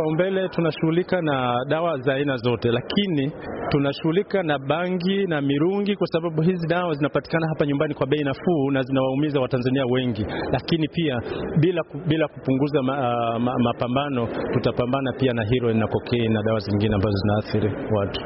kipaumbele tunashughulika na dawa za aina zote, lakini tunashughulika na bangi na mirungi, kwa sababu hizi dawa zinapatikana hapa nyumbani kwa bei nafuu na zinawaumiza Watanzania wengi, lakini pia bila, bila kupunguza mapambano ma, ma, tutapambana pia na heroin na kokeini na dawa zingine ambazo zinaathiri watu.